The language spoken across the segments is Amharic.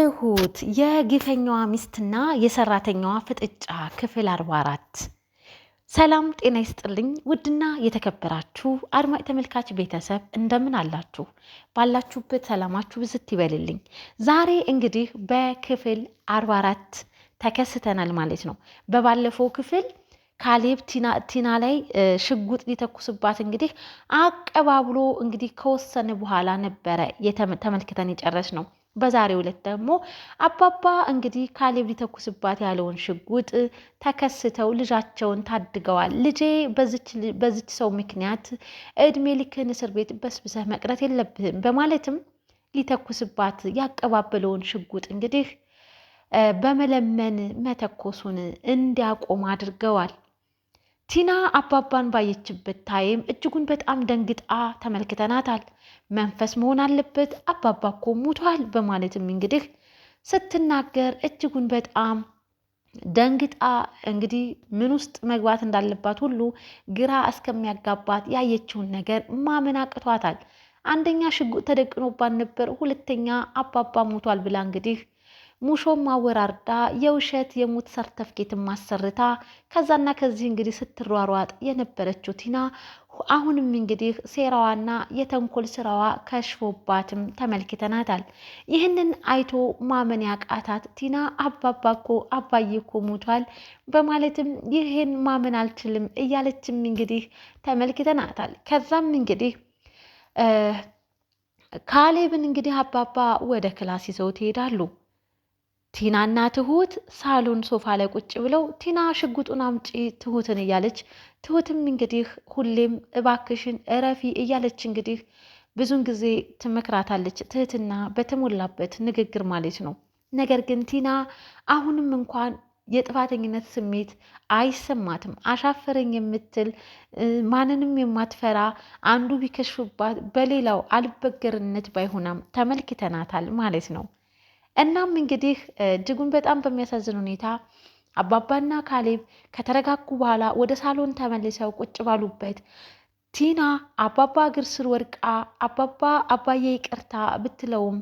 ትሁት የግፈኛዋ ሚስትና የሰራተኛዋ ፍጥጫ ክፍል አርባ አራት ሰላም ጤና ይስጥልኝ። ውድና የተከበራችሁ አድማጭ ተመልካች ቤተሰብ እንደምን አላችሁ? ባላችሁበት ሰላማችሁ ብዝት ይበልልኝ። ዛሬ እንግዲህ በክፍል አርባ አራት ተከስተናል ማለት ነው። በባለፈው ክፍል ካሌብ ቲና ላይ ሽጉጥ ሊተኩስባት እንግዲህ አቀባብሎ እንግዲህ ከወሰነ በኋላ ነበረ ተመልክተን የጨረስ ነው በዛሬው ዕለት ደግሞ አባባ እንግዲህ ካሌብ ሊተኩስባት ያለውን ሽጉጥ ተከስተው ልጃቸውን ታድገዋል። ልጄ በዚች ሰው ምክንያት እድሜ ልክን እስር ቤት በስብሰህ መቅረት የለብህም በማለትም ሊተኩስባት ያቀባበለውን ሽጉጥ እንግዲህ በመለመን መተኮሱን እንዲያቆም አድርገዋል። ቲና አባባን ባየችበት ታይም እጅጉን በጣም ደንግጣ ተመልክተናታል። መንፈስ መሆን አለበት አባባ እኮ ሙቷል በማለትም እንግዲህ ስትናገር እጅጉን በጣም ደንግጣ እንግዲህ ምን ውስጥ መግባት እንዳለባት ሁሉ ግራ እስከሚያጋባት ያየችውን ነገር ማመን አቅቷታል። አንደኛ ሽጉጥ ተደቅኖባት ነበር፣ ሁለተኛ አባባ ሙቷል ብላ እንግዲህ ሙሾም አወራርዳ የውሸት የሙት ሰርተፍኬት ማሰርታ ከዛና ከዚህ እንግዲህ ስትሯሯጥ የነበረችው ቲና አሁንም እንግዲህ ሴራዋና የተንኮል ስራዋ ከሽፎባትም ተመልክተናታል። ይህንን አይቶ ማመን ያቃታት ቲና አባባኮ አባዬ ሙቷል በማለትም ይህን ማመን አልችልም እያለችም እንግዲህ ተመልክተናታል። ከዛም እንግዲህ ካሌብን እንግዲህ አባባ ወደ ክላስ ይዘውት ይሄዳሉ። ቲናና ትሁት ሳሎን ሶፋ ላይ ቁጭ ብለው ቲና ሽጉጡን አምጪ ትሁትን እያለች ትሁትም እንግዲህ ሁሌም እባክሽን እረፊ እያለች እንግዲህ ብዙን ጊዜ ትመክራታለች። ትህትና በተሞላበት ንግግር ማለት ነው። ነገር ግን ቲና አሁንም እንኳን የጥፋተኝነት ስሜት አይሰማትም። አሻፈረኝ የምትል ማንንም የማትፈራ አንዱ ቢከሽፍባት በሌላው አልበገርነት ባይሆናም ተመልክተናታል ማለት ነው። እናም እንግዲህ እጅጉን በጣም በሚያሳዝን ሁኔታ አባባና ካሌብ ከተረጋጉ በኋላ ወደ ሳሎን ተመልሰው ቁጭ ባሉበት ቲና አባባ እግር ስር ወድቃ አባባ አባዬ ይቅርታ ብትለውም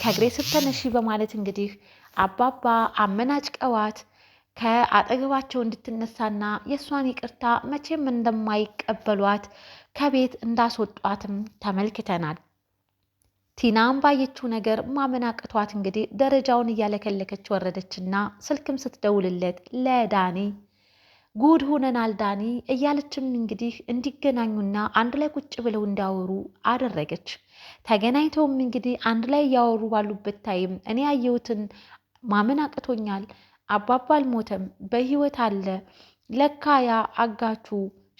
ከእግሬ ስር ተነሺ በማለት እንግዲህ አባባ አመናጭቀዋት ከአጠገባቸው እንድትነሳና የእሷን ይቅርታ መቼም እንደማይቀበሏት ከቤት እንዳስወጧትም ተመልክተናል። ቲናም ባየችው ነገር ማመን አቅቷት እንግዲህ ደረጃውን እያለከለከች ወረደችና ስልክም ስትደውልለት ለዳኒ ጉድ ሆነናል ዳኒ እያለችም እንግዲህ እንዲገናኙና አንድ ላይ ቁጭ ብለው እንዲያወሩ አደረገች። ተገናኝተውም እንግዲህ አንድ ላይ እያወሩ ባሉበት ታይም እኔ ያየሁትን ማመን አቅቶኛል፣ አባባ አልሞተም፣ በህይወት አለ፣ ለካ ያ አጋቹ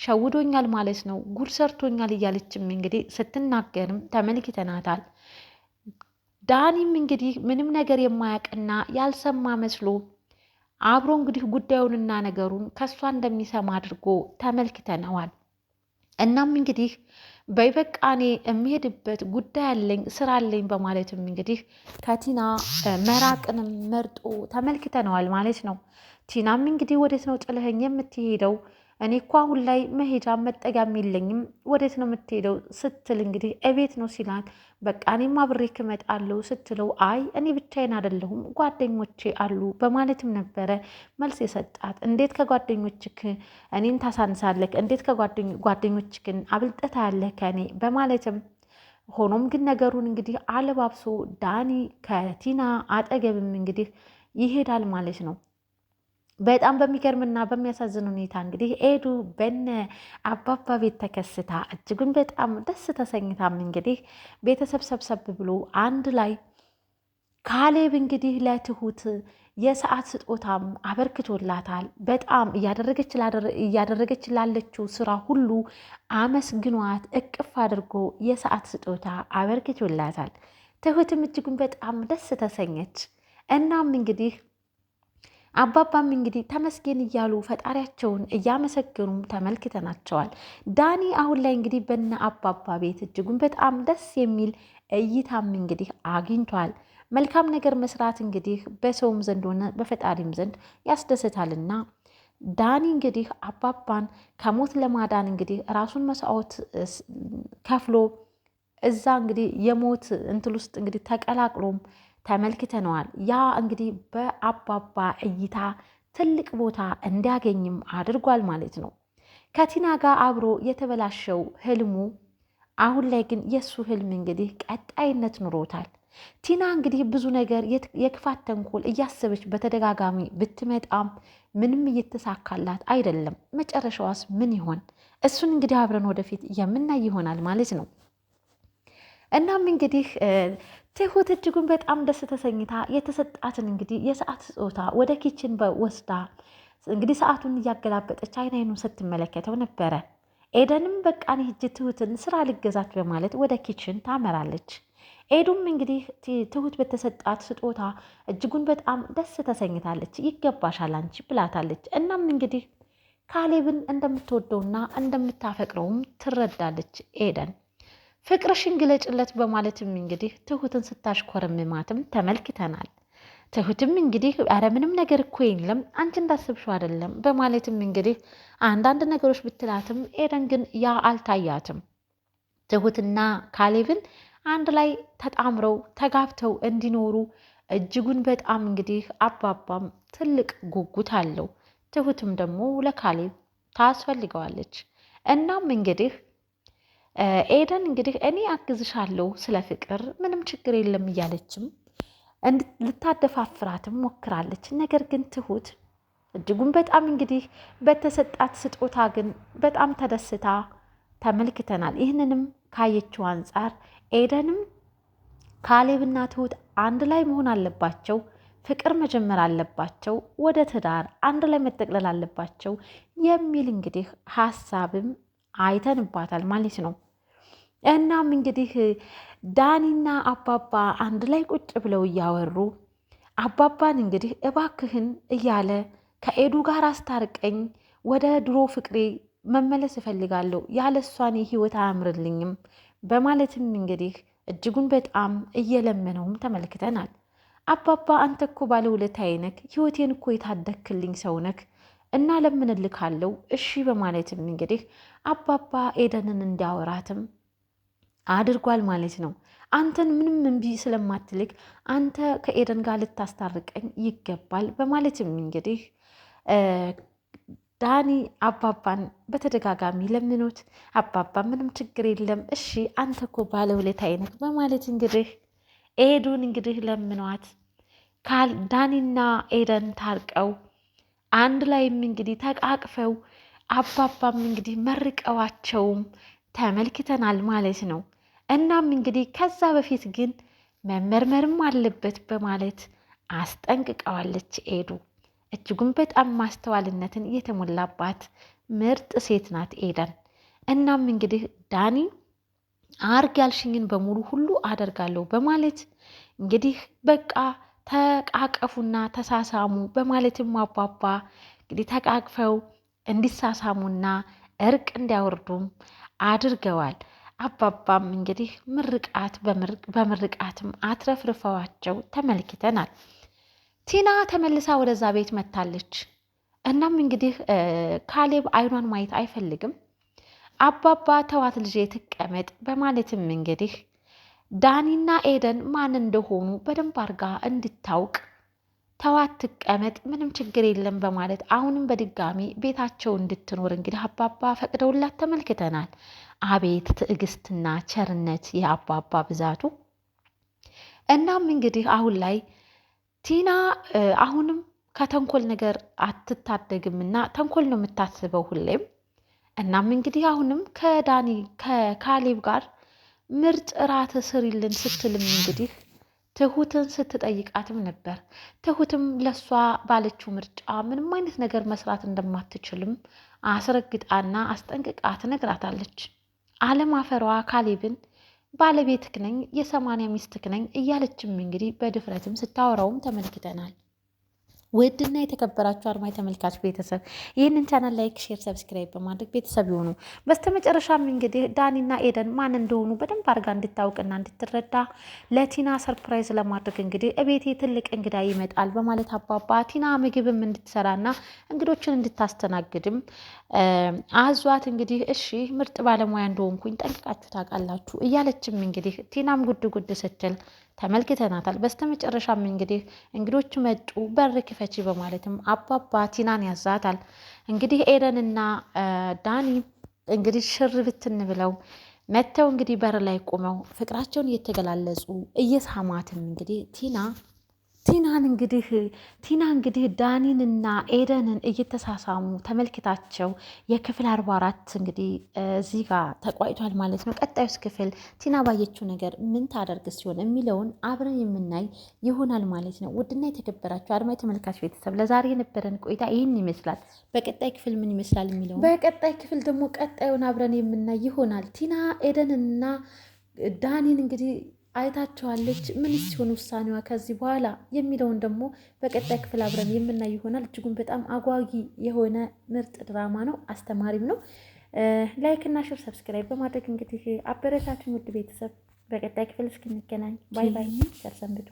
ሸውዶኛል ማለት ነው፣ ጉድ ሰርቶኛል እያለችም እንግዲህ ስትናገርም ተመልክተናታል። ዳኒም እንግዲህ ምንም ነገር የማያውቅና ያልሰማ መስሎ አብሮ እንግዲህ ጉዳዩንና ነገሩን ከእሷ እንደሚሰማ አድርጎ ተመልክተነዋል። እናም እንግዲህ በይበቃኔ የሚሄድበት ጉዳይ አለኝ ስራ አለኝ በማለትም እንግዲህ ከቲና መራቅንም መርጦ ተመልክተነዋል ማለት ነው። ቲናም እንግዲህ ወዴት ነው ጥልህኝ የምትሄደው እኔ እኮ አሁን ላይ መሄጃ መጠጋም የለኝም ወዴት ነው የምትሄደው ስትል እንግዲህ እቤት ነው ሲላት፣ በቃ እኔም አብሬ ክመጣለሁ ስትለው፣ አይ እኔ ብቻዬን አይደለሁም ጓደኞቼ አሉ በማለትም ነበረ መልስ የሰጣት። እንዴት ከጓደኞችክ እኔን ታሳንሳለክ? እንዴት ከጓደኞችክን አብልጠታ ያለህ ከእኔ በማለትም ሆኖም ግን ነገሩን እንግዲህ አለባብሶ ዳኒ ከቲና አጠገብም እንግዲህ ይሄዳል ማለት ነው። በጣም በሚገርምና በሚያሳዝን ሁኔታ እንግዲህ ኤዱ በነ አባባ ቤት ተከስታ እጅጉን በጣም ደስ ተሰኝታም እንግዲህ ቤተሰብ ሰብሰብ ብሎ አንድ ላይ ካሌብ እንግዲህ ለትሁት የሰዓት ስጦታም አበርክቶላታል። በጣም እያደረገች ላለችው ስራ ሁሉ አመስግኗት እቅፍ አድርጎ የሰዓት ስጦታ አበርክቶላታል። ትሁትም እጅጉን በጣም ደስ ተሰኘች። እናም እንግዲህ አባባም እንግዲህ ተመስገን እያሉ ፈጣሪያቸውን እያመሰገኑ ተመልክተናቸዋል። ዳኒ አሁን ላይ እንግዲህ በነ አባባ ቤት እጅጉን በጣም ደስ የሚል እይታም እንግዲህ አግኝቷል። መልካም ነገር መስራት እንግዲህ በሰውም ዘንድ ሆነ በፈጣሪም ዘንድ ያስደስታልና ዳኒ እንግዲህ አባባን ከሞት ለማዳን እንግዲህ ራሱን መስዋዕት ከፍሎ እዛ እንግዲህ የሞት እንትል ውስጥ እንግዲህ ተቀላቅሎም ተመልክተነዋል። ያ እንግዲህ በአባባ እይታ ትልቅ ቦታ እንዲያገኝም አድርጓል ማለት ነው። ከቲና ጋር አብሮ የተበላሸው ህልሙ አሁን ላይ ግን የእሱ ህልም እንግዲህ ቀጣይነት ኑሮታል። ቲና እንግዲህ ብዙ ነገር የክፋት ተንኮል እያሰበች በተደጋጋሚ ብትመጣም ምንም እየተሳካላት አይደለም። መጨረሻዋስ ምን ይሆን? እሱን እንግዲህ አብረን ወደፊት የምናይ ይሆናል ማለት ነው። እናም እንግዲህ ትሁት እጅጉን በጣም ደስ ተሰኝታ የተሰጣትን እንግዲህ የሰዓት ስጦታ ወደ ኪችን ወስዳ እንግዲህ ሰዓቱን እያገላበጠች አይን አይኑን ስትመለከተው ነበረ። ኤደንም በቃ እኔ ሂጅ ትሁትን ስራ ልገዛት በማለት ወደ ኪችን ታመራለች። ኤዱም እንግዲህ ትሁት በተሰጣት ስጦታ እጅጉን በጣም ደስ ተሰኝታለች። ይገባሻል አንቺ ብላታለች። እናም እንግዲህ ካሌብን እንደምትወደውና እንደምታፈቅረውም ትረዳለች ኤደን። ፍቅርሽን ግለጭለት በማለትም እንግዲህ ትሁትን ስታሽኮረምማትም ተመልክተናል። ትሁትም እንግዲህ አረ ምንም ነገር እኮ የለም አንቺ እንዳስብሽው አይደለም በማለትም እንግዲህ አንዳንድ ነገሮች ብትላትም ኤደን ግን ያ አልታያትም። ትሁትና ካሌብን አንድ ላይ ተጣምረው ተጋብተው እንዲኖሩ እጅጉን በጣም እንግዲህ አባባም ትልቅ ጉጉት አለው። ትሁትም ደግሞ ለካሌብ ታስፈልገዋለች። እናም እንግዲህ ኤደን እንግዲህ እኔ አግዝሻለሁ ስለ ፍቅር ምንም ችግር የለም እያለችም ልታደፋፍራትም ሞክራለች። ነገር ግን ትሁት እጅጉን በጣም እንግዲህ በተሰጣት ስጦታ ግን በጣም ተደስታ ተመልክተናል። ይህንንም ካየችው አንጻር ኤደንም ካሌብና ትሁት አንድ ላይ መሆን አለባቸው፣ ፍቅር መጀመር አለባቸው፣ ወደ ትዳር አንድ ላይ መጠቅለል አለባቸው የሚል እንግዲህ ሀሳብም አይተንባታል ማለት ነው። እናም እንግዲህ ዳኒና አባባ አንድ ላይ ቁጭ ብለው እያወሩ አባባን እንግዲህ እባክህን እያለ ከኤዱ ጋር አስታርቀኝ፣ ወደ ድሮ ፍቅሬ መመለስ እፈልጋለሁ፣ ያለሷን ህይወት አያምርልኝም በማለትም እንግዲህ እጅጉን በጣም እየለመነውም ተመልክተናል። አባባ አንተ እኮ ባለውለታዬ አይነክ ህይወቴን እኮ የታደክልኝ ሰው እና ለምንልካለው እሺ በማለትም እንግዲህ አባባ ኤደንን እንዲያወራትም አድርጓል ማለት ነው። አንተን ምንም እምቢ ስለማትልክ አንተ ከኤደን ጋር ልታስታርቀኝ ይገባል በማለትም እንግዲህ ዳኒ አባባን በተደጋጋሚ ለምኖት አባባ ምንም ችግር የለም እሺ አንተ እኮ ባለውለታ አይነት በማለት እንግዲህ ኤዱን እንግዲህ ለምኗት ዳኒና ኤደን ታርቀው አንድ ላይም እንግዲህ ተቃቅፈው አባባም እንግዲህ መርቀዋቸውም ተመልክተናል ማለት ነው። እናም እንግዲህ ከዛ በፊት ግን መመርመርም አለበት በማለት አስጠንቅቀዋለች። ኤዱ እጅጉን በጣም ማስተዋልነትን የተሞላባት ምርጥ ሴት ናት ኤደን። እናም እንግዲህ ዳኒ አርግ ያልሽኝን በሙሉ ሁሉ አደርጋለሁ በማለት እንግዲህ በቃ ተቃቀፉና ተሳሳሙ በማለትም አባባ እንግዲህ ተቃቅፈው እንዲሳሳሙና እርቅ እንዲያወርዱም አድርገዋል። አባባም እንግዲህ ምርቃት በምርቃትም አትረፍርፈዋቸው ተመልክተናል። ቲና ተመልሳ ወደዛ ቤት መታለች። እናም እንግዲህ ካሌብ አይኗን ማየት አይፈልግም። አባባ ተዋት ልጄ ትቀመጥ በማለትም እንግዲህ ዳኒና ኤደን ማን እንደሆኑ በደንብ አርጋ እንድታውቅ ተዋት ትቀመጥ፣ ምንም ችግር የለም በማለት አሁንም በድጋሚ ቤታቸው እንድትኖር እንግዲህ አባባ ፈቅደውላት ተመልክተናል። አቤት ትዕግስትና ቸርነት የአባባ ብዛቱ። እናም እንግዲህ አሁን ላይ ቲና አሁንም ከተንኮል ነገር አትታደግም እና ተንኮል ነው የምታስበው ሁሌም። እናም እንግዲህ አሁንም ከዳኒ ከካሌብ ጋር ምርጥ ራት ስሪልን ስትልም እንግዲህ ትሁትን ስትጠይቃትም ነበር። ትሁትም ለሷ ባለችው ምርጫ ምንም አይነት ነገር መስራት እንደማትችልም አስረግጣና አስጠንቅቃ ትነግራታለች። አለም አፈሯ ካሌብን ባለቤትክ ነኝ የሰማንያ ሚስትክ ነኝ እያለችም እንግዲህ በድፍረትም ስታወራውም ተመልክተናል። ውድና የተከበራችሁ አድማጭ ተመልካች ቤተሰብ ይህንን ቻናል ላይክ፣ ሼር፣ ሰብስክራይብ በማድረግ ቤተሰብ ይሆኑ። በስተመጨረሻም እንግዲህ ዳኒና ኤደን ማን እንደሆኑ በደንብ አድርጋ እንድታውቅና እንድትረዳ ለቲና ሰርፕራይዝ ለማድረግ እንግዲህ እቤቴ ትልቅ እንግዳ ይመጣል በማለት አባባ ቲና ምግብም እንድትሰራና እንግዶችን እንድታስተናግድም አዟት እንግዲህ እሺ ምርጥ ባለሙያ እንደሆንኩኝ ጠንቅቃችሁ ታውቃላችሁ እያለችም እንግዲህ ቲናም ጉድ ጉድ ስትል ተመልክተናታል። በስተመጨረሻም እንግዲህ እንግዶች መጡ፣ በር ክፈቺ በማለትም አባባ ቲናን ያዛታል። እንግዲህ ኤደንና ዳኒ እንግዲህ ሽር ብትን ብለው መጥተው እንግዲህ በር ላይ ቁመው ፍቅራቸውን እየተገላለጹ እየሳማትም እንግዲህ ቲና ቲናን እንግዲህ ቲና እንግዲህ ዳኒንና ኤደንን እየተሳሳሙ ተመልክታቸው የክፍል አርባ አራት እንግዲህ እዚህ ጋር ተቋይቷል ማለት ነው። ቀጣዩስ ክፍል ቲና ባየችው ነገር ምን ታደርግ ሲሆን የሚለውን አብረን የምናይ ይሆናል ማለት ነው። ውድና የተከበራችሁ አድማ ተመልካቸው ቤተሰብ ለዛሬ የነበረን ቆይታ ይህን ይመስላል። በቀጣይ ክፍል ምን ይመስላል የሚለውን በቀጣይ ክፍል ደግሞ ቀጣዩን አብረን የምናይ ይሆናል። ቲና ኤደንና ዳኒን እንግዲህ አይታቸዋለች። ምን ሲሆን ውሳኔዋ ከዚህ በኋላ የሚለውን ደግሞ በቀጣይ ክፍል አብረን የምናይ ይሆናል። እጅጉን በጣም አጓጊ የሆነ ምርጥ ድራማ ነው፣ አስተማሪም ነው። ላይክ እና ሽር ሰብስክራይብ በማድረግ እንግዲህ አበረታችን ውድ ቤተሰብ። በቀጣይ ክፍል እስክንገናኝ ባይ ባይ። ሰርሰንብቶ